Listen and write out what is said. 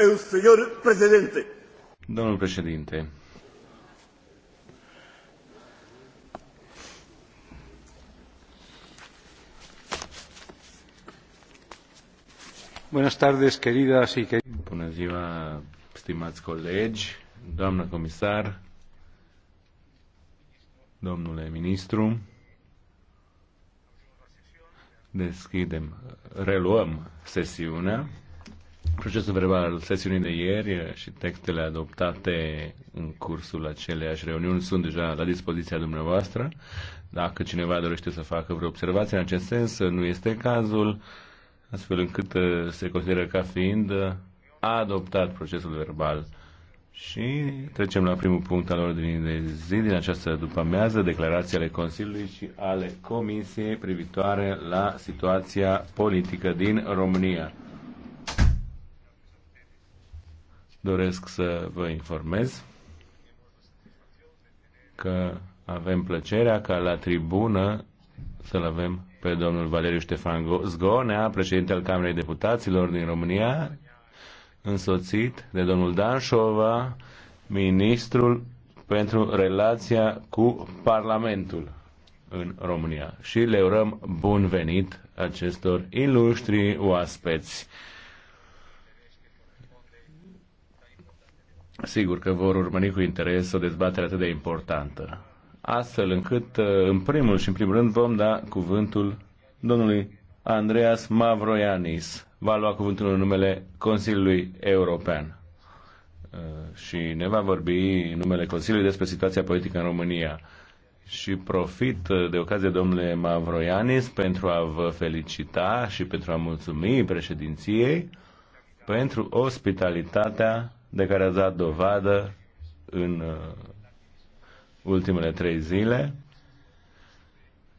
El señor presidente. Domnul președinte. Buenas tardes, queridas y queridos. Bună ziua, stimați colegi, doamnă comisar, domnule ministru. Deschidem, reluăm sesiunea. Procesul verbal al sesiunii de ieri și textele adoptate în cursul aceleiași reuniuni sunt deja la dispoziția dumneavoastră. Dacă cineva dorește să facă vreo observație în acest sens, nu este cazul, astfel încât uh, se consideră ca fiind uh, adoptat procesul verbal. Și trecem la primul punct al ordinii de zi din această după-amiază, declarații ale Consiliului și ale Comisiei privitoare la situația politică din România. Doresc să vă informez că avem plăcerea ca la tribună să-l avem pe domnul Valeriu Ștefan Zgonea, președinte al Camerei Deputaților din România, însoțit de domnul Dan Șova, ministrul pentru relația cu Parlamentul în România. Și le urăm bun venit acestor ilustri oaspeți. sigur că vor urmări cu interes o dezbatere atât de importantă. Astfel încât, uh, în primul și în primul rând, vom da cuvântul domnului Andreas Mavroianis. Va lua cuvântul în numele Consiliului European uh, și ne va vorbi în numele Consiliului despre situația politică în România. Și profit uh, de ocazie, domnule Mavroianis, pentru a vă felicita și pentru a mulțumi președinției pentru ospitalitatea de care a dat dovadă în uh, ultimele trei zile